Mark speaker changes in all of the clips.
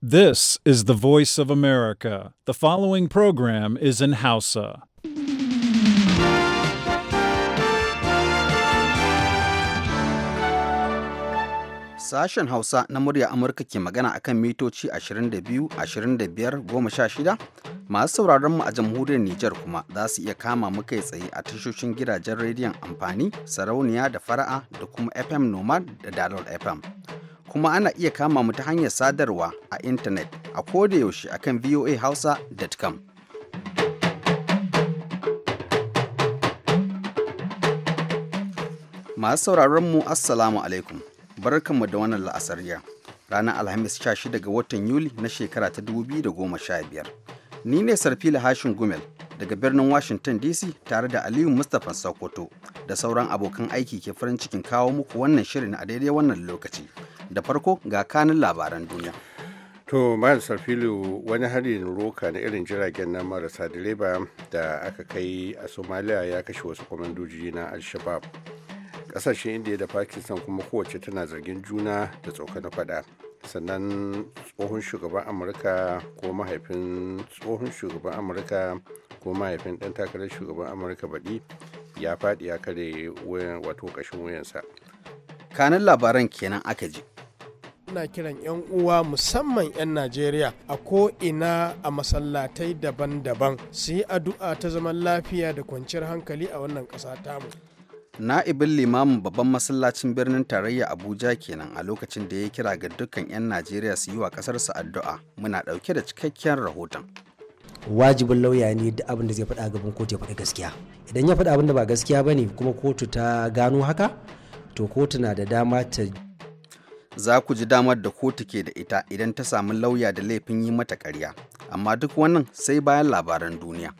Speaker 1: This is the voice of America. The following program is in Hausa.
Speaker 2: Sashen Hausa na murya Amurka ke magana akan mitoci 22, 25, 16 masu sauraron mu a jamhuriyar Nijar kuma za su iya kama mu kai tsaye a tashoshin gidajen rediyon amfani, sarauniya da fara'a da kuma FM Nomad da Dalol FM. kuma ana iya kama mu ta hanyar sadarwa a intanet a kodayaushe a kan voahausa.com. Masu sauraronmu mu Assalamu alaikum, barkanmu da wannan la'asariya. Ranar Alhamis 16 ga watan Yuli na shekara ta 2015. Ni ne Sarfila Hashin Gumel daga birnin Washington DC tare da Aliyu Mustapha Sokoto da sauran abokan aiki ke farin cikin kawo
Speaker 3: muku wannan shirin a daidai wannan lokaci. da farko ga kanin labaran duniya to mayan sarfilu wani harin roka na irin jiragen na marasa direba da aka kai a somalia ya kashe wasu kwamandoji na al-shabab kasashen indiya da pakistan kuma kowace tana zargin juna da tsokana fada sannan tsohon shugaban amurka ko mahaifin tsohon shugaban amurka ko mahaifin ɗan takarar shugaban amurka baɗi ya faɗi ya kare wato ƙashin wayansa. kanan labaran kenan aka ji
Speaker 2: ina kiran 'yan uwa musamman 'yan najeriya a ko'ina a masallatai daban-daban su yi addu'a ta zaman lafiya da kwanciyar hankali a wannan ƙasa tamu na'ibin limamin babban masallacin birnin tarayya abuja kenan a lokacin da ya kira ga dukkan 'yan najeriya su yi wa ƙasarsa
Speaker 4: addu'a muna ɗauke da cikakken rahoton wajibin lauya ne da abin da zai faɗa gaban kotu ya faɗi gaskiya idan ya faɗa abin da ba gaskiya ba ne kuma kotu ta gano haka to kotu na da dama ta
Speaker 2: za ku ji damar da kotu ke da ita idan ta samu lauya da laifin yi mata karya amma duk wannan sai bayan labaran duniya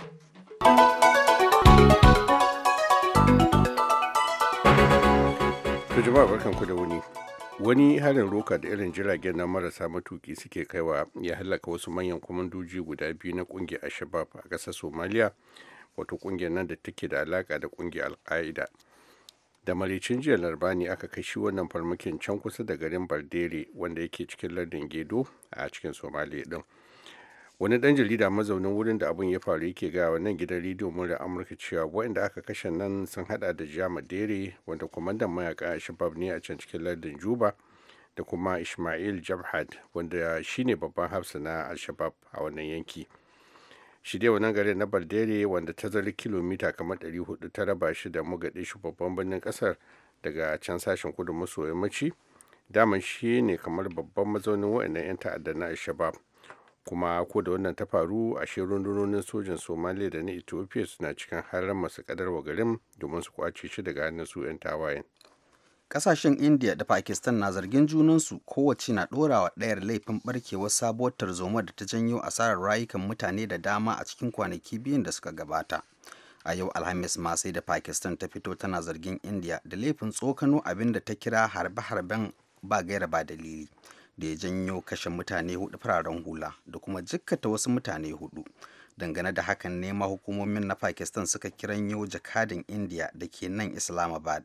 Speaker 3: barkanku da wuni wani harin roka da irin jiragen na marasa matuki suke kaiwa ya halaka wasu manyan kwamandoji guda biyu na kungiyar ashabab a ƙasar somaliya wato kungiyar nan da take da alaka da kungiyar alka'ida da malicin jiya larba ne aka kai shi wannan farmakin can kusa da garin bardere wanda yake cikin lardin gedo a cikin somaliya din wani dan jarida mazaunin wurin da abun ya faru yake ga wannan gidan rediyo mura amurka cewa waɗanda aka kashe nan sun hada da jama dere wanda kwamandan mayaka shabab ne a can cikin lardin juba da kuma ismail jabhad wanda shine babban hafsa na al-shabab a wannan yanki shi wa wannan garin na baldere wanda ta zari kilomita kamar 400 ta raba shi da mogadishu babban birnin kasar daga can sashen kudu maso yammaci daman shi ne kamar babban mazaunin waɗannan 'yan ta'adda na shabab kuma ko da wannan ta faru a rundunonin sojin somaliya da na ethiopia suna cikin harar masu kadarwa garin domin su kwace shi daga hannun su 'yan tawayen
Speaker 2: kasashen India da Pakistan na zargin junansu kowace na dorawa ɗayar laifin barkewar sabuwar tarzoma da ta janyo asarar rayukan mutane da dama a cikin kwanaki biyun da suka gabata. A yau Alhamis ma sai da Pakistan ta fito tana zargin India da laifin tsokano abin da ta kira harbe-harben ba gaira ba dalili da ya janyo kashe mutane hudu fararen hula da kuma jikkata wasu mutane hudu. dangane da hakan ne hukumomin na pakistan suka kiran kiranyo jakadin india da ke nan islamabad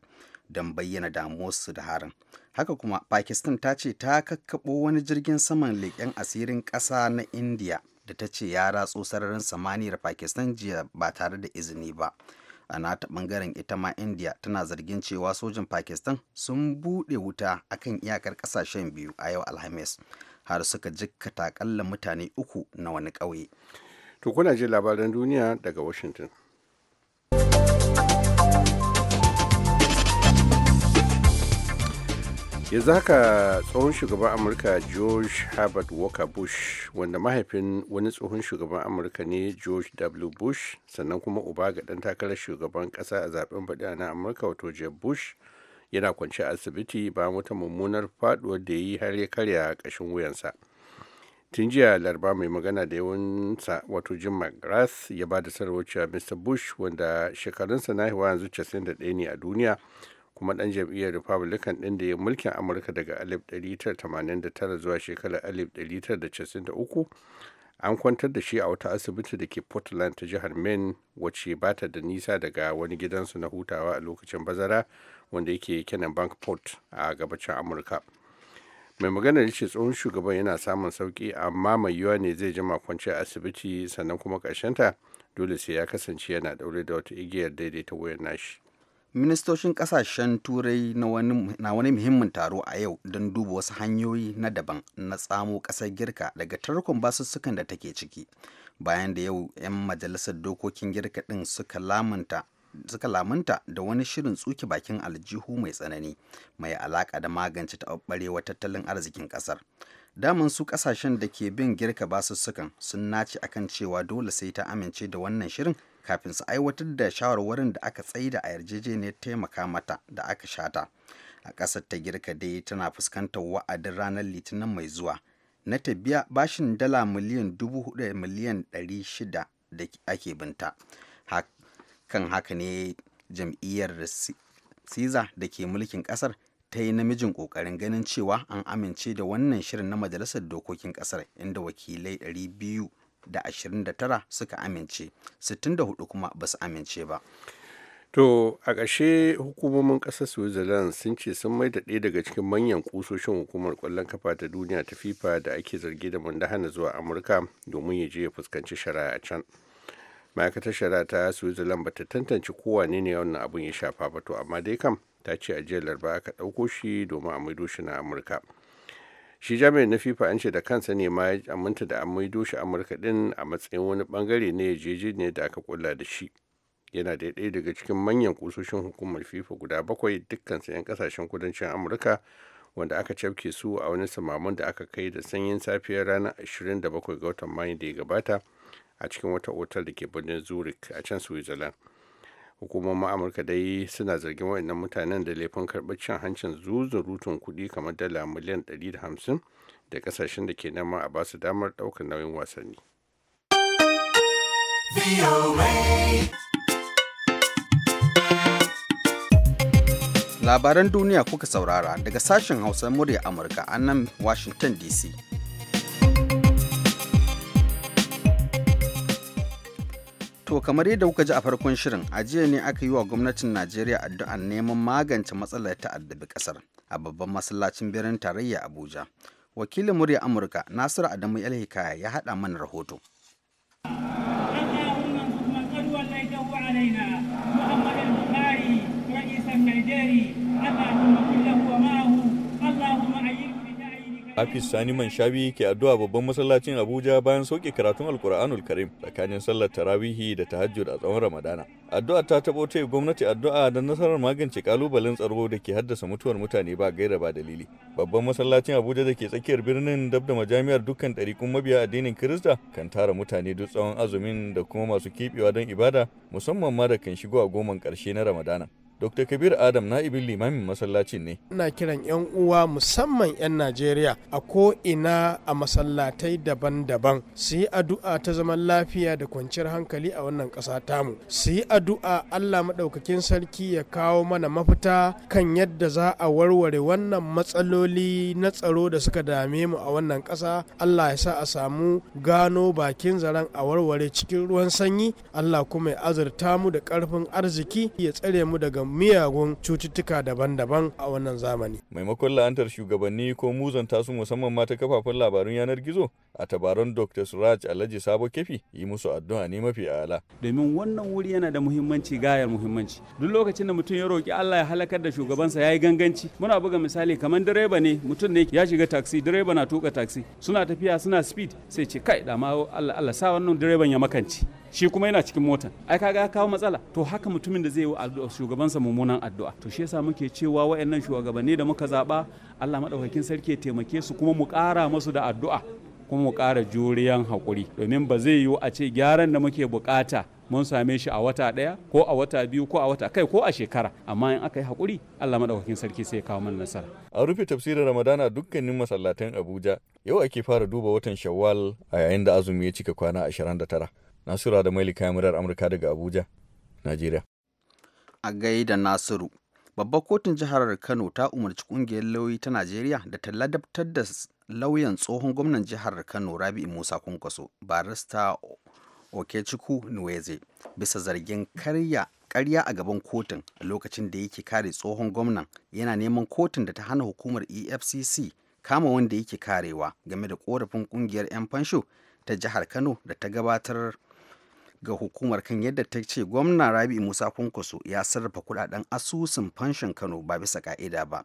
Speaker 2: don bayyana damuwarsu da harin haka kuma pakistan ta ce ta kakkaɓo wani jirgin saman leƙen asirin ƙasa na india da ta ce ya ratso sararin samaniyar pakistan jiya ba tare da izini ba a nata ɓangaren ita ma india tana zargin cewa sojin pakistan sun buɗe wuta akan iyakar ƙasashen biyu a yau alhamis har suka jikkata
Speaker 3: akalla mutane uku na wani ƙauye to kuna ji labaran duniya daga washington yanzu haka tsohon shugaban amurka george herbert walker bush wanda mahaifin wani tsohon shugaban amurka ne george w bush sannan kuma uba ga dan takarar shugaban kasa a zaben baɗi na amurka wato jeb bush yana kwanci asibiti bayan wata mummunar faduwar da ya yi har ya karya ƙashin wuyansa tun jiya larba mai magana da yawansa wato jim mcgrath ya ba da sarwar mr bush wanda shekarunsa na yanzu 91 ne a duniya kuma ɗan jam'iyyar republican ɗin da ya mulkin amurka daga 1989 zuwa shekarar 1993 an kwantar da shi a wata asibiti da ke portland ta jihar maine wacce ba ta da nisa daga wani gidansu na hutawa a lokacin bazara wanda yake kenan bankport a gabacin amurka mai magana da ce tsohon shugaban yana samun sauki amma mai yiwuwa ne zai jima kwanci a asibiti sannan kuma kashenta dole sai ya kasance yana daure da wata igiyar daidaita wayar nashi
Speaker 2: ministocin kasashen turai na wani muhimmin taro a yau don duba wasu hanyoyi na daban na tsamo ƙasar girka daga tarkon basussukan da take ciki bayan da yau 'yan majalisar dokokin girka ɗin suka lamunta da wani shirin tsuke bakin aljihu mai tsanani mai alaƙa da magance taɓarɓarewa tattalin arzikin ƙasar daman su ƙasashen da ke bin girka basussukan sun nace akan cewa dole sai ta amince da wannan shirin kafin su aiwatar da shawarwarin da aka tsaida a yarjejeniyar taimaka mata da aka shata a ƙasar ta girka dai tana fuskantar wa'adin ranar litinin mai zuwa na ta biya bashin dala miliyan dubu hudu miliyan ɗari shida da ake binta kan haka ne jam'iyyar siza da ke mulkin ƙasar ta yi namijin ƙoƙarin ganin cewa an amince da wannan shirin na majalisar dokokin ƙasar inda wakilai 200 da 29 suka amince 64 kuma
Speaker 3: ba su amince ba To a ƙashe hukumomin ƙasar Switzerland sun ce sun mai ɗaya daga cikin manyan ƙusoshin hukumar ƙwallon kafa ta duniya ta FIFA da ake zargi da mandahana zuwa Amurka domin ya je ya fuskanci shari'a a can. Ma'aikatar shari'a ta Switzerland ba ta tantance kowa ne ne wannan abun ya shafa ba to amma dai kam ta ce a jiya larba aka ɗauko shi domin a maido shi na Amurka. shi jami'in na fifa an ce da kansa ne ma ya aminta da amai doshi amurka din a matsayin wani bangare ne ya jeje ne da aka kulla da shi yana da ɗaya daga cikin manyan kusoshin hukumar fifa guda bakwai dukkansa 'yan kasashen kudancin amurka wanda aka cafke su a wani samamun da aka kai da sanyin safiyar ranar 27 ga watan mayu da ya gabata a cikin wata otal da ke birnin zurich a can switzerland hukumomin amurka dai suna zargin waɗannan mutanen da laifin karɓar cin hancin zuzun rutun kuɗi kamar dala miliyan 150 da kasashen da ke nema a basu damar ɗaukar nauyin wasanni labaran duniya
Speaker 2: kuka saurara daga sashen hausa murya amurka a nan washington dc To kamar yadda kuka ji a farkon shirin, a jiya ne aka yi wa gwamnatin Najeriya addu'ar neman magance matsalar ta'addabi ƙasar a babban masallacin birnin tarayya Abuja. Wakilin murya Amurka Nasiru Adamu yalhikaya ya haɗa mana rahoto.
Speaker 1: علينا
Speaker 5: Hafiz Sani Manshabi ke addu'a babban masallacin Abuja bayan sauke karatun Alkur'anul Karim tsakanin sallar tarawihi da tahajjud a tsawon Ramadana. Addu'a ta taɓo ta gwamnati addu'a da nasarar magance kalubalen tsaro da ke haddasa mutuwar mutane ba gaira ba dalili. Babban masallacin Abuja da ke tsakiyar birnin dab da majami'ar dukkan ɗarikun mabiya addinin Kirista kan tara mutane duk tsawon azumin da kuma masu kiɓewa don ibada musamman ma da kan shigo a goman ƙarshe na Ramadana. Dr. Kabir Adam na'ibin limamin masallaci ne.
Speaker 2: Ina kiran 'yan uwa musamman 'yan Najeriya a ko ina a masallatai daban-daban su yi addu'a ta zaman lafiya da kwanciyar hankali a wannan ƙasa tamu. Su yi addu'a Allah maɗaukakin sarki ya kawo mana mafita kan yadda za a warware wannan matsaloli na tsaro da suka dame mu a wannan ƙasa. Allah ya sa a samu gano bakin zaren a warware cikin ruwan sanyi. Allah kuma ya azurta mu da ƙarfin arziki ya tsare mu daga miyagun cututtuka daban-daban a wannan zamani
Speaker 5: maimakon la'antar shugabanni ko muzanta su musamman ma ta kafafen labarun yanar gizo a tabaron dr suraj alhaji sabo kefi yi musu addu'a ne mafi ala domin wannan wuri yana da muhimmanci gayar muhimmanci duk lokacin da mutum ya roki allah ya halakar da shugabansa ya yi ganganci muna buga misali kamar direba ne mutum ne ya shiga taxi direba na tuka taxi suna tafiya suna speed sai ce kai da ma allah allah sa wannan direban ya makanci shi kuma yana cikin motan ai kaga ya kawo matsala to haka mutumin da zai yi wa shugabansa mummunan addu'a to shi yasa muke cewa wayannan shugabanni da muka zaba Allah madaukakin sarki ya taimake su kuma mu ƙara musu da addu'a kuma mu ƙara juriyan haƙuri domin ba zai yiwu a ce gyaran da muke buƙata mun same shi a wata ɗaya ko a wata biyu ko a wata kai ko a shekara amma in aka yi haƙuri Allah madaukakin sarki sai ya kawo mana nasara a rufe tafsirin ramadana dukkanin masallatan abuja yau ake fara duba watan shawwal a yayin da azumi ya cika kwana 29 Nasura da kayan murar Amurka daga Abuja, Najeriya. A gaida Nasiru, babbar kotun jihar Kano ta
Speaker 2: umarci kungiyar lauyi ta Najeriya da ta ladabtar da lauyan tsohon gwamnan jihar Kano Rabi Musa Kunkwaso, barista Okechukwu Nweze, bisa zargin karya karya a gaban kotun a lokacin da yake kare tsohon gwamnan yana neman kotun da ta hana hukumar EFCC kama wanda yake karewa game da korafin kungiyar 'yan fansho ta jihar Kano da ta gabatar ga hukumar kan yadda ta ce gwamna rabi musa kwankwaso ya sarrafa kudaden asusun fanshin kano ba bisa ka'ida ba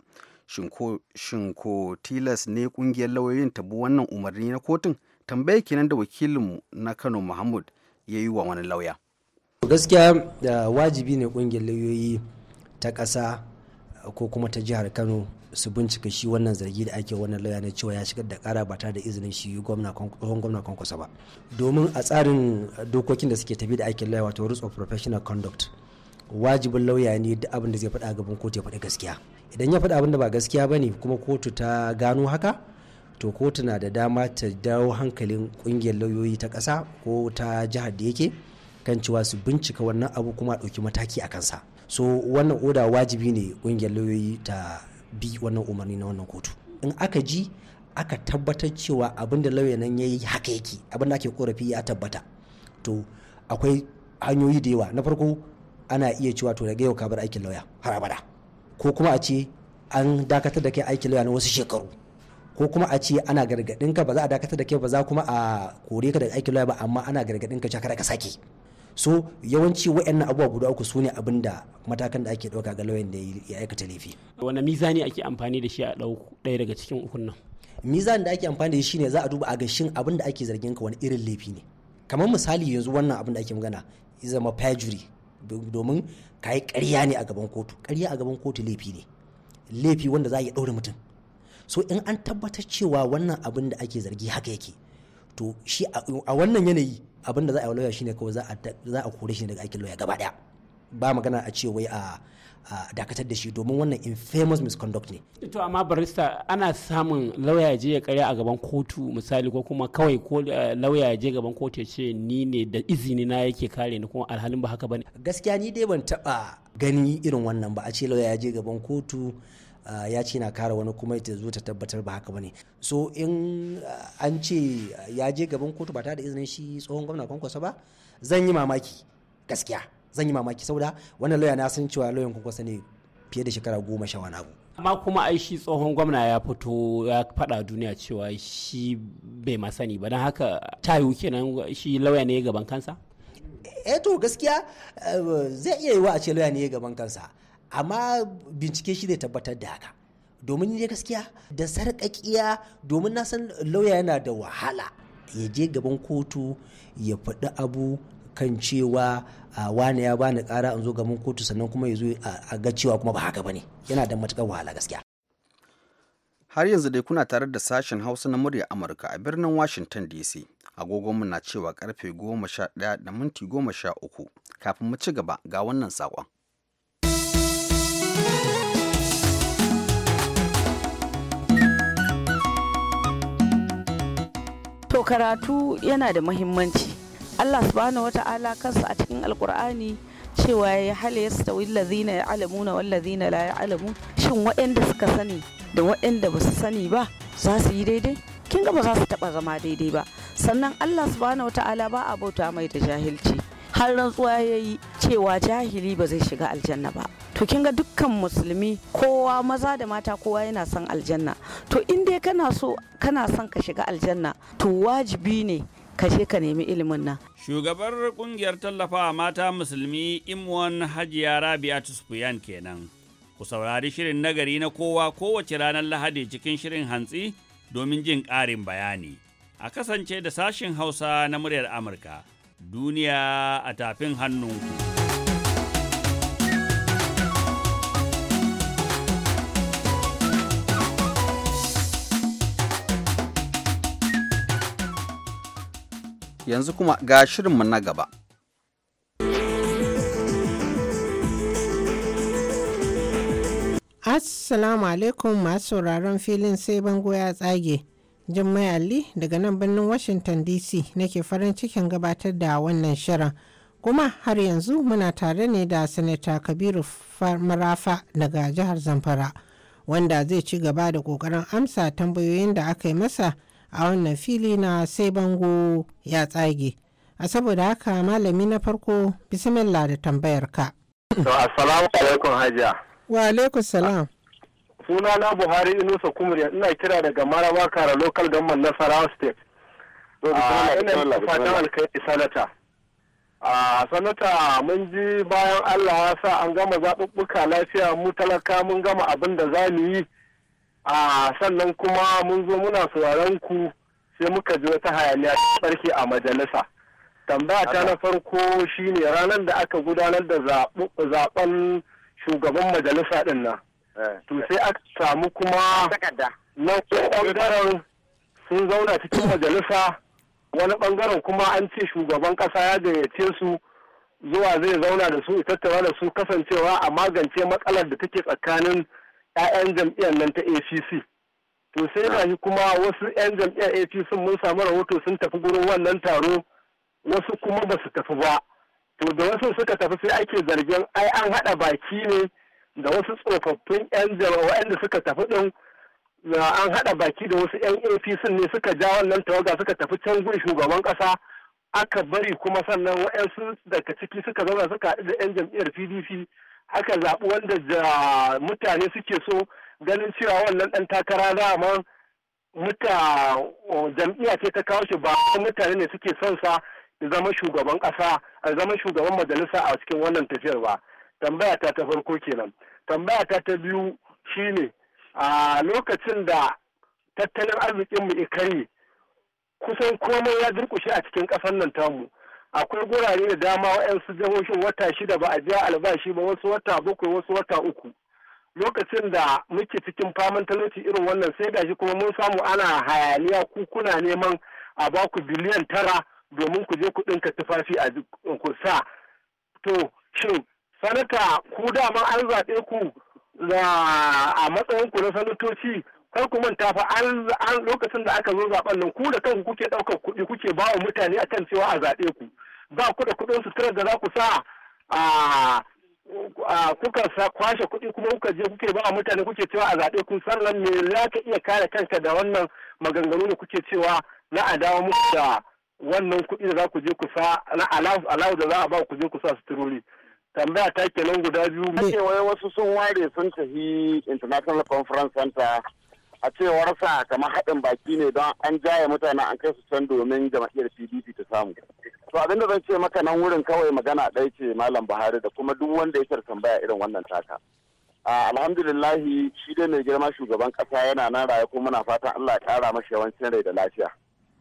Speaker 2: shin ko tilas ne kungiyar lauyoyin tabu wannan umarni na kotun tambaye kenan da wakilinmu na kano muhammad ya yi wa wani lauya
Speaker 4: gaskiya eh, wajibi ne kungiyar lauyoyi ta ƙasa ko kuma ta jihar kano su bincika shi wannan zargi da ake wannan lauya na cewa ya shigar da kara ba tare da izinin shi tsohon gwamna kwankwasa ba domin a tsarin dokokin da suke tafi da aikin lauya wato rules of professional conduct wajibin lauya ne duk abin da zai faɗa gaban kotu ya faɗi gaskiya idan ya faɗi abin da ba gaskiya ba ne kuma kotu ta gano haka to kotu na da dama ta dawo hankalin kungiyar lauyoyi ta ƙasa ko ta jihar da yake kan cewa su bincika wannan abu kuma ɗauki mataki a kansa so wannan oda wajibi ne kungiyar lauyoyi ta bi wannan umarni na wannan kotu in aka ji aka tabbatar cewa abin da lauya nan ya yi haka yake abin da ake korafi ya tabbata to akwai hanyoyi da yawa na farko ana iya cewa to daga yau ka bar aikin lauya har abada ko kuma a ce an dakatar da kai aikin lauya na wasu shekaru ko kuma a ce ana gargadin ka ba za a dakatar da kai ba za kuma a kore ka daga aikin lauya ba amma ana gargadin ka cewa ka sake so yawanci wa'annan abubuwa guda uku su ne abin da matakan da ake ɗauka ga lauyan da ya aikata laifi wani mizani ake amfani da shi a ɗaya daga cikin ukun nan mizan da ake amfani da shi ne za a duba a shin abin da ake zargin ka wani irin laifi ne kamar misali yanzu wannan abin da ake magana ya zama pejuri domin ka yi ƙarya ne a gaban kotu ƙarya a gaban kotu laifi ne laifi wanda za a iya ɗaure mutum so in an tabbatar cewa wannan abin da ake zargi haka yake to shi a wannan yanayi abin da za a yi lauya shine kawai za a kore shi daga aikin lauya gaba daya ba magana a ce wai a dakatar da shi domin wannan infamous misconduct ne. to amma barista ana samun lauya je ya karya a gaban kotu misali ko kuma kawai ko eh, lauya je gaban kotu ya ce ni ne da izini na yake kare ni kuma alhalin ba haka bane. gaskiya ni dai ban taba gani irin wannan ba a ce lauya je gaban kotu Ah, ya ce na kara wani kuma ta zo ta tabbatar ba haka bane so in ah, an ce ya je gaban kotu ba ta da izinin shi tsohon gwamna kwankwasa ba zan yi mamaki gaskiya zan yi mamaki saboda wannan lauya na san cewa lauyan kwankwasa ne fiye da shekara goma sha wani abu amma kuma ai shi tsohon gwamna ya fito ya faɗa duniya cewa shi bai ma sani ba don haka ta tayu kenan shi lauya ne gaban kansa eh to gaskiya eh, zai iya yiwa a ce lauya ne gaban kansa amma bincike shi zai tabbatar da haka domin ne gaskiya da sarƙaƙiya domin na san lauya yana da wahala ya je gaban kotu ya faɗi abu kan cewa wani ya bani ƙara an zo gaban kotu sannan kuma ya zo a ga cewa kuma ba haka bane yana da matuƙar wahala gaskiya
Speaker 2: har yanzu dai kuna tare da sashen hausa na murya amurka a birnin washington dc agogonmu na cewa karfe goma sha ɗaya da minti goma sha uku kafin mu ci gaba ga wannan saƙon
Speaker 6: karatu yana da muhimmanci allah subhanahu wata'ala kansa a cikin alkur'ani cewa ya hali ya stawi lazina ya alamu na wallazina la ya alamu shin waɗanda suka sani da waɗanda ba su sani ba za su yi daidai kin ga ba za su taɓa zama daidai ba sannan allah subhanahu ala ba a bauta mai da jahilci har rantsuwa ya yi cewa jahili ba zai shiga aljanna ba to kin ga dukkan musulmi kowa maza da mata kowa yana son aljanna to in dai kana so kana son ka shiga aljanna to wajibi ne ka je ka nemi ilimin nan
Speaker 7: shugabar kungiyar tallafawa mata musulmi imwan hajiya rabia tusfuyan kenan ku saurari shirin nagari na kowa
Speaker 5: kowace ranar lahadi cikin shirin hantsi domin jin ƙarin bayani a kasance da sashin hausa na muryar amurka duniya a tafin hannunku.
Speaker 2: yanzu kuma ga shirinmu na gaba.
Speaker 1: Assalamu alaikum masu sauraron filin sai bango ya tsage. Jummai Ali daga nan birnin Washington DC nake farin cikin gabatar da wannan shirin. Kuma har yanzu muna tare ne da Sanata Kabiru Marafa daga jihar Zamfara, wanda zai ci gaba da ƙoƙarin amsa tambayoyin da aka yi masa a wannan fili na sai bango ya tsage a saboda haka malami na farko bismillah da tambayar ka
Speaker 8: to alaikum hajiya
Speaker 1: wa alaikum salam
Speaker 8: suna na buhari inusa kumuri ina kira daga maraba kara local government na sarawa state ah, ina fatan a ah, sanata mun ji bayan allah ya sa an gama zaɓuɓɓuka lafiya mu talaka mun gama abin da za mu yi a sannan kuma mun zo muna sauraron ku sai muka ji wata hayaniya ta farke a majalisa tambaya ta na farko shine ranar da aka gudanar da zaben shugaban majalisa din nan eh. to sai aka samu kuma na ɓangaren sun zauna cikin majalisa wani bangaren kuma an ce shugaban ƙasa ya gayyace su zuwa zai zauna da su tattara da su kasancewa a magance matsalar da take tsakanin 'ya'yan jam'iyyar nan ta APC. To sai ga shi kuma wasu 'yan jam'iyyar APC mun samu rahoto sun tafi gurin wannan taro wasu kuma ba su tafi ba. To da wasu suka tafi sai ake zargin ai an haɗa baki ne da wasu tsofaffin 'yan jama'a waɗanda suka tafi ɗin an haɗa baki da wasu 'yan APC ne suka ja wannan tawaga suka tafi can gun shugaban ƙasa aka bari kuma sannan waɗansu daga ciki suka zauna suka haɗu da 'yan jam'iyyar PDP aka zaɓi wanda mutane suke so ganin cewa wannan ɗan takara dama muta jam'iyya ce ta kawo shi ba mutane ne suke son sa zama shugaban ƙasa a zama shugaban majalisa a cikin wannan tafiyar ba tambaya ta ta farko kenan tambaya ta ta biyu shine a lokacin da tattalin arzikin mu ikari kusan komai ya durƙushe a cikin ƙasar nan tamu akwai gurare da dama waɗansu jihohin wata shida ba a biya albashi ba wasu wata bakwai wasu wata uku lokacin da muke cikin faman talauci irin wannan sai gashi kuma mun samu ana hayaniya ku kuna neman a ba ku biliyan tara domin ku je ku ɗinka tufafi a ku sa to shin sanata ku dama an zaɓe ku a matsayin ku na sanatoci kai ku manta fa an lokacin da aka zo zaben nan ku da kanku kuke ɗaukar kuɗi kuke ba wa mutane akan cewa a zaɓe ku ba ku da kuɗin suturar da za ku sa a kuka kwashe kuɗi kuma kuka je kuke ba mutane kuke cewa a zaɓe kun sannan me za ka iya kare kanka da wannan maganganu da kuke cewa na a dawo muku da wannan kuɗi da za ku je ku sa na alawu da za a ba ku je ku sa suturori tambaya ta kenan guda biyu. Ake wasu sun ware sun tafi International Conference
Speaker 7: Center a cewarsa kamar haɗin baki ne don an jaye mutane an kai su can domin jama'iyyar pdp ta samu to abinda zan ce maka nan wurin kawai magana ɗaya ce malam buhari da kuma duk wanda ya ke tambaya irin wannan taka alhamdulillahi shi dai mai girma shugaban ƙasa yana nan raye kuma muna fatan allah ya ƙara mashi yawancin rai da lafiya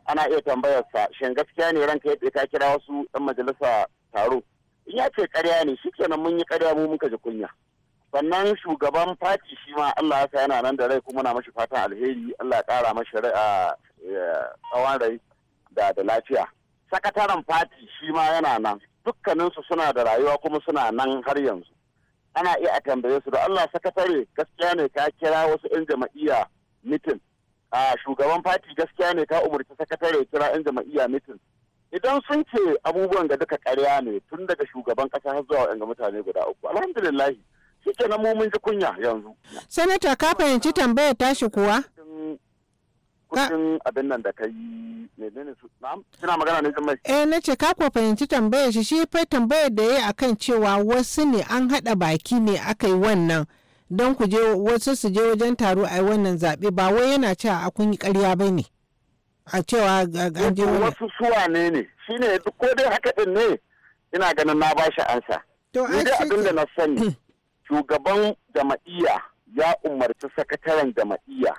Speaker 7: ana iya tambayar sa shin gaskiya ne ranka yadda ka kira wasu yan majalisa taro in ya ce ƙarya ne shi kenan mun yi karya mu muka ji kunya sannan shugaban fati shi ma Allah ya yana nan da rai kuma na mashi fatan alheri Allah ya kara mashi tsawon rai da da lafiya sakataren fati shi ma yana nan dukkaninsu suna da rayuwa kuma suna nan har yanzu ana iya a tambaye su da Allah sakatare gaskiya ne ka kira wasu 'yan jama'iya mitin a shugaban fati gaskiya ne ka umarci sakatare kira 'yan jama'iya mitin idan sun ce abubuwan ga duka karya ne tun daga shugaban kasa har zuwa waɗanda mutane guda uku alhamdulillahi shi na mu mun ji kunya yanzu
Speaker 1: sanata ka fahimci tambayar tashi kuwa
Speaker 7: kudin abin nan da ka yi menene su kina magana ne mai
Speaker 1: eh na ce ka fahimci tambayar shi shi fai tambayar da ya akan cewa wasu ne an haɗa baki ne aka yi wannan don ku je wasu su je wajen taro a wannan zaɓe. ba wai yana cewa a kun yi ƙarya ba ne a cewa an je
Speaker 7: wasu suwa ne ne ne duk ko dai haka ɗin ne ina ganin na ba shi ansa to ai abin da na sani shugaban jama'iyya ya umarci sakataren jama'iyya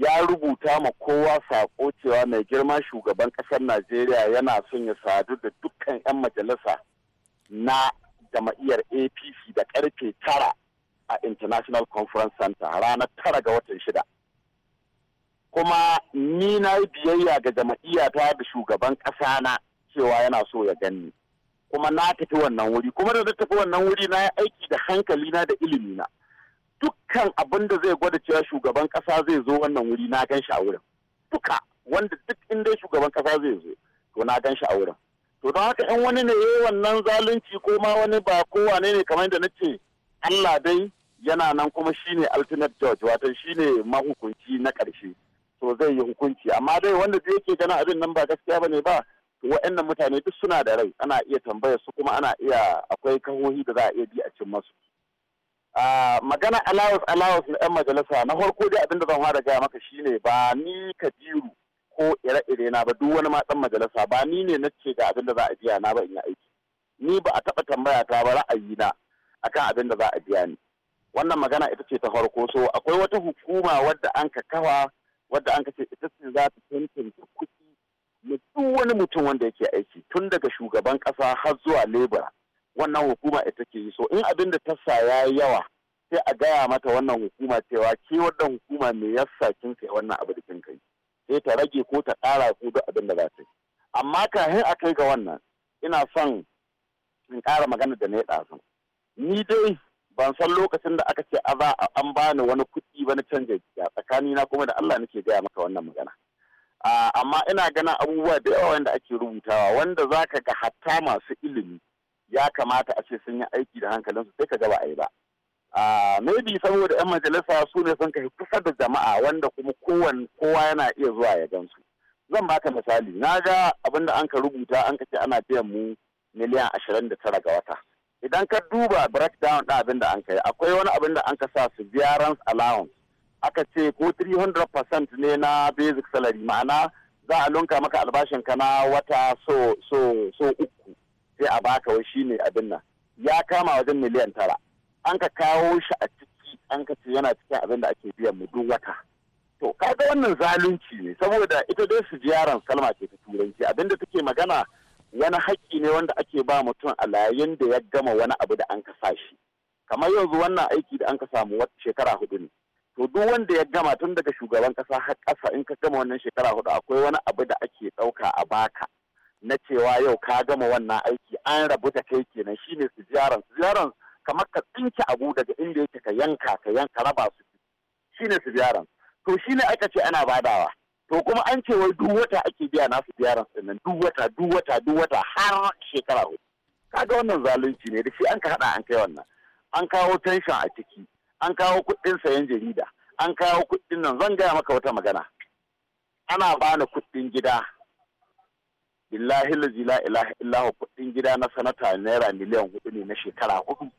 Speaker 7: ya rubuta ma kowa sako cewa mai girma shugaban ƙasar najeriya yana son ya sadu da dukkan 'yan majalisa na jama'iyyar apc da karfe tara a international conference center ranar tara ga watan shida kuma ni na biyayya ga jama'iyyata da shugaban ƙasa na cewa yana so ya ganni. kuma na tafi wannan wuri kuma da na tafi wannan wuri na ya aiki da hankali na da ilimi na dukkan abin da zai gwada cewa shugaban kasa zai zo wannan wuri na gan shi a wurin duka wanda duk inda shugaban kasa zai zo to na gan shi a wurin to don haka in wani ne ya yi wannan zalunci ko ma wani ba kowane ne kamar yadda ce Allah dai yana nan kuma shine ultimate judge wato shine mahukunci na karshe to zai yi hukunci amma dai wanda zai yake gana abin nan ba gaskiya bane ba waɗannan mutane duk suna da rai ana iya tambayar su kuma ana iya akwai kahohi da za a iya bi a cin masu magana allowance allowance na 'yan majalisa na farko dai abin da zan fara gaya maka shine ba ni kabiru ko ire-ire na ba duk wani matsan majalisa ba ni ne na ce ga abin da za a biya na ba in yi aiki ni ba a taɓa tambaya ta ba ra'ayi na akan abin da za a biya ni wannan magana ita ce ta farko so akwai wata hukuma wadda an ka kawa wadda an ka ce ita ce za ta tantance kuɗi duk wani mutum wanda yake aiki tun daga shugaban kasa har zuwa lebura wannan hukuma ita ke yi so in abin da ta sa ya yawa sai a gaya mata wannan hukuma cewa ke wannan hukuma me yasa kin kai wannan abu da kin kai sai ta rage ko ta kara ko duk abin da za ta yi amma kafin a kai ga wannan ina son in ƙara magana da na ɗazu ni dai ban san lokacin da aka ce a an bani wani kuɗi ba na canja tsakani na kuma da Allah nake gaya maka wannan magana Ah, amma ina ganin abubuwa da yawa wanda ake rubutawa wanda za ka ga hatta masu ilimi ya kamata a ce sun yi aiki da hankalinsu sai ka gaba a yi ba ah, maybe saboda 'yan majalisa su ne sun kai kusa da jama'a wanda kuma kowan kowa yana iya zuwa ya gansu zan baka misali na ga abin da an ka rubuta an kace ana biyan mu miliyan ashirin da tara ga wata idan ka duba breakdown ɗin abin da an kai akwai wani abin da an ka sa su biya allowance aka ce ko 300% ne na basic salary ma'ana za a lunka maka albashin ka na wata so so so uku sai a baka shi shine abin nan ya kama wajen miliyan tara an ka kawo shi a ciki an ka ce yana cikin abin da ake biyan mu duk wata to kaga wannan zalunci ne saboda ita dai su jiyaran salma ke ta turanci abin da take magana wani haƙƙi ne wanda ake ba mutum a layin da ya gama wani abu da an sa shi kamar yanzu wannan aiki da an ka samu shekara hudu ne to duk wanda ya gama tun daga shugaban kasa har kasa in ka gama wannan shekara hudu akwai wani abu da ake ɗauka a baka na cewa yau ka gama wannan aiki an rabu da kai kenan shine su ziyaran su ziyaran kamar ka tsinke abu daga inda yake ka yanka ka yanka raba su shine su ziyaran to shine aka ce ana badawa to kuma an ce wai duk wata ake biya nasu ziyaran nan duk wata duk wata duk wata har shekara hudu kaga wannan zalunci ne da shi an ka hada an kai wannan an kawo tension a ciki an kawo kuɗin sayan jarida an kawo kuɗin nan zan gaya maka wata magana ana bani kuɗin gida billahi la ilaha illahu kuɗin gida na sanata naira miliyan hudu ne na shekara hudu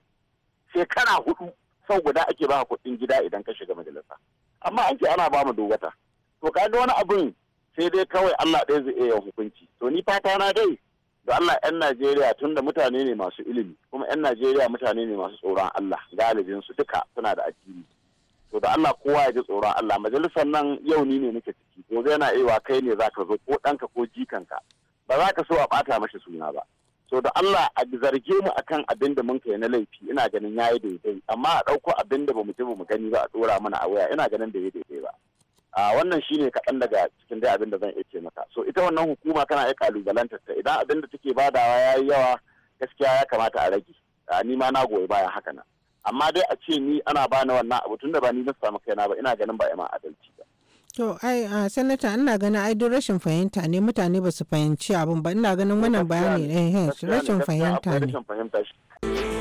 Speaker 7: shekara hudu sau guda ake ba kuɗin gida idan ka shiga majalisa amma an ce ana ba mu dogata to kaga wani abin sai dai kawai Allah ɗaya zai iya hukunci to ni fata na dai da Allah 'yan Najeriya tun da mutane ne masu ilimi kuma 'yan Najeriya mutane ne masu tsoron Allah galibin su duka suna da addini to da Allah kowa ya ji tsoron Allah majalisar nan yau ni ne nake ciki gobe yana iya kai ne zaka zo ko ɗanka ko jikanka ba za ka so a ɓata mashi suna ba so da Allah a zarge mu akan abin da mun kai na laifi ina ganin yayi daidai amma a ɗauko abin da bamu ji bamu gani ba a ɗora mana a waya ina ganin da ya daidai ba a wannan ne kaɗan daga cikin dai abin da zan iya ce maka so ita wannan hukuma kana iya kalubalantar ta idan abin da take badawa ya yi yawa gaskiya ya kamata a rage ni ma na goyi baya haka nan amma dai a ce ni ana bani wannan abu tun da ba ni na samu kaina ba ina ganin ba ma adalci ba
Speaker 1: To, ai, a sanata ina ganin ai duk rashin fahimta ne mutane ba su fahimci abin ba ina ganin wannan bayani eh, eh, ne rashin fahimta ne.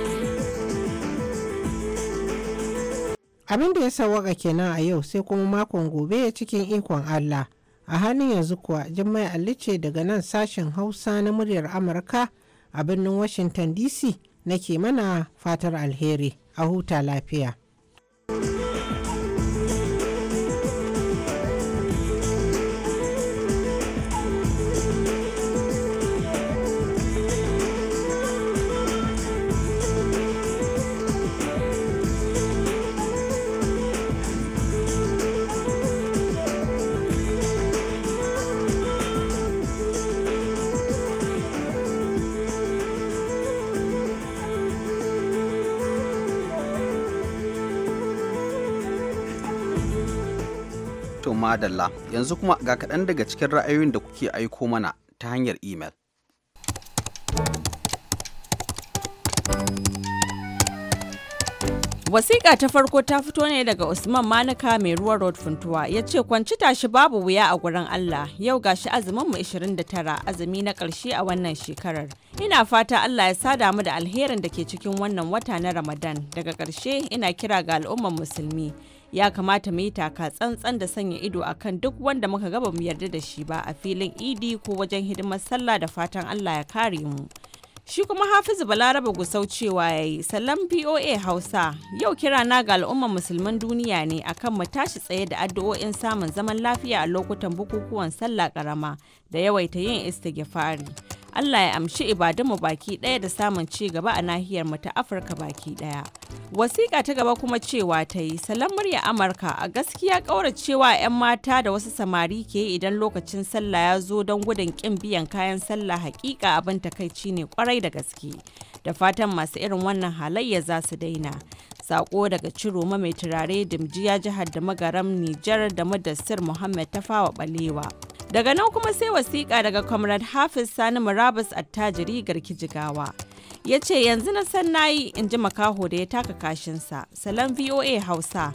Speaker 1: Abin da ya sawaka kenan a yau sai kuma makon gobe cikin ikon Allah. A hannun yanzu kuwa Jummai Alice daga nan sashen Hausa na muryar Amurka a birnin Washington DC nake mana fatar alheri a huta lafiya.
Speaker 2: madalla yanzu kuma ga kaɗan daga cikin ra'ayoyin da kuke aiko mana ta hanyar imel.
Speaker 6: Wasiƙa ta farko ta fito ne daga Usman Manuka mai ruwan Road Funtuwa ya ce kwanci tashi babu wuya a gurin Allah yau gashi azumin mu 29 azumi na ƙarshe a wannan shekarar. Ina fata Allah ya sada mu da alherin da ke cikin wannan wata na Ramadan daga ƙarshe ina kira ga al'ummar musulmi. ya kamata mu yi taka tsantsan da sanya ido a kan duk wanda muka gaba mu yarda da shi ba a filin idi ko wajen hidimar sallah da fatan Allah ya kare mu. Shi kuma Hafizu Balaraba Gusau cewa ya yi salam BOA Hausa yau kira na ga al'ummar musulman duniya ne akan mu tashi tsaye da addu'o'in samun zaman lafiya a lokutan bukukuwan sallah karama da yawaita yin istighfari. Allah ya amshi ibadunmu baki ɗaya da samun ci gaba a nahiyar mu ta Afirka baki ɗaya. Wasiƙa ta gaba kuma cewa ta yi salon murya Amurka a gaskiya ƙauracewa 'yan mata da wasu samari ke yi idan lokacin sallah ya zo don gudun ƙin biyan kayan sallah haƙiƙa abin takaici ne ƙwarai da gaske. Da fatan masu irin wannan halayya za su daina. sako daga Ciroma mai turare dimjiya jihar da magaram Nijar da Madassir Muhammad fawa Balewa. Daga nan kuma sai wasiƙa daga Comrade Hafiz Sani Murabus Attajiri Garki Jigawa. Ya ce yanzu na san nayi in ji makaho da ya taka kashinsa. Salon VOA Hausa.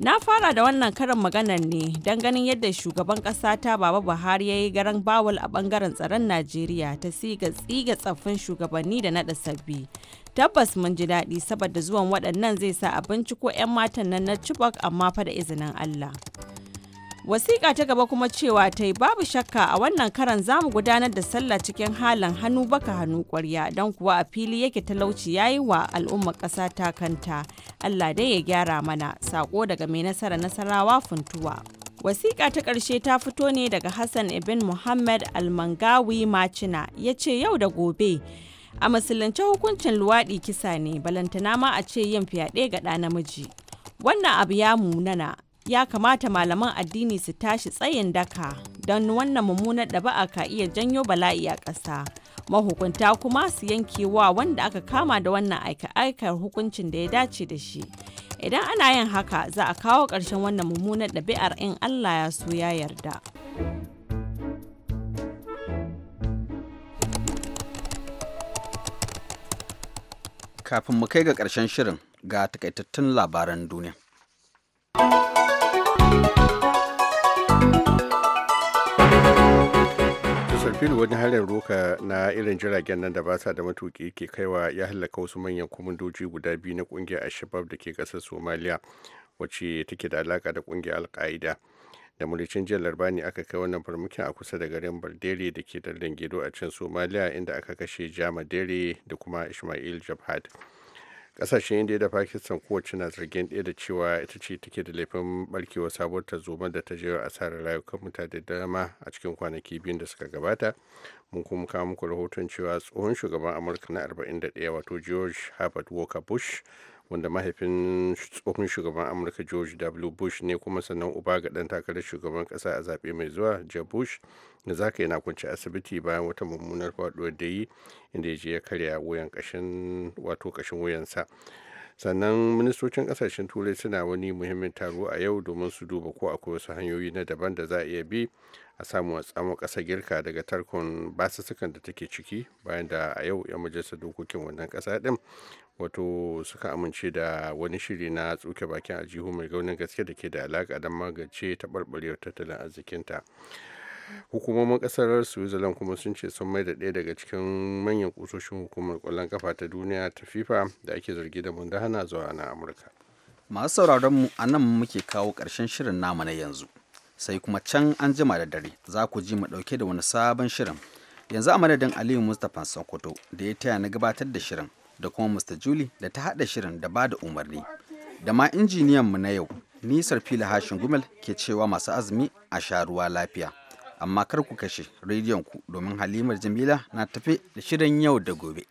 Speaker 6: Na fara da wannan karin maganar ne don ganin yadda shugaban ƙasa ta Baba Buhari ya yi garan bawul a ɓangaren tsaron Najeriya ta siga tsiga tsaffin shugabanni da naɗa sabbi. Tabbas mun ji daɗi saboda zuwan waɗannan zai sa abinci ko 'yan matan nan na Chibok amma fa da izinin Allah. wasiƙa ta gaba kuma cewa ta yi babu shakka a wannan karan za mu gudanar da sallah cikin halin hannu baka hannu ƙwarya don kuwa a fili yake talauci ya yi wa al'ummar ƙasa ta kanta allah dai ya gyara mana saƙo daga mai nasara nasarawa funtuwa wasiƙa ta ƙarshe ta fito ne daga hassan ibn muhammad almangawi macina ya ce yau da gobe a musulunce hukuncin luwaɗi kisa ne balantana ma a ce yin fyaɗe ga ɗa namiji wannan abu ya munana ya kamata malaman addini su tashi tsayin daka don wannan mummunar ɗaba'a ka iya janyo bala'i a ƙasa mahukunta kuma su yanke wa wanda aka kama da wannan aika-aikar hukuncin da ya dace da shi idan ana yin haka za a kawo ƙarshen wannan mummunar ɗabi'ar in allah ya so ya yarda
Speaker 2: kafin mu kai ga ƙarshen shirin ga takaitattun labaran duniya.
Speaker 3: fil wani halin roka na irin jiragen nan da ba sa da matuki ke kaiwa ya halaka wasu manyan kwamandoji guda biyu na ƙungiyar ashabab da ke kasar somaliya wacce take da alaƙa da ƙungiyar alka'ida da mulicin jiyar larba ne aka kai wannan farmakin a kusa da garin bardere da ke da gedo a can somaliya inda aka kashe jama dere da kuma ismail jabhat kasashen india da pakistan kowace na zargin ɗaya da cewa ita ce take da laifin barkewar sabuwar tarzoma da ta jera asarar rayukan mutane da dama a cikin kwanaki biyun da suka gabata mun kuma kawo muku rahoton cewa tsohon shugaban amurka na 41 wato george herbert walker bush wanda mahaifin tsohon shugaban amurka george w bush ne kuma sannan uba ga dan takarar shugaban kasa a zaɓe mai zuwa jeb bush da zaka yana kunci asibiti bayan wata mummunar faduwar da yi inda ya je ya karya wuyan kashin wato kashin wuyansa sannan ministocin kasashen turai suna wani muhimmin taro a yau domin su duba ko akwai wasu hanyoyi na daban da za a iya bi a samu a tsamo ƙasa girka daga tarkon basussukan da take ciki bayan da a yau 'yan majalisar dokokin wannan ƙasa ɗin wato suka amince da wani shiri na tsuke bakin aljihu mai gaunin gaske da ke da alaƙa don magance taɓarɓarewar tattalin arzikinta hukumomin kasar switzerland kuma sun ce sun mai da ɗaya daga cikin manyan kusoshin hukumar kwallon kafa ta duniya ta fifa da ake zargi da hana zuwa na amurka
Speaker 2: masu sauraron mu a nan muke kawo ƙarshen shirin namu na yanzu sai kuma can an jima da dare za ku ji mu ɗauke da wani sabon shirin yanzu a madadin aliyu mustapha sokoto da ya taya na gabatar da shirin da kuma Mr. Julie da ta haɗa shirin da ba da umarni. Da ma injiniyan mu na yau, nisar fila hashin gumel ke cewa masu azumi a sha ruwa lafiya. Amma kar ku kashe rediyon ku domin Halimar Jamila na tafe da shirin yau da gobe.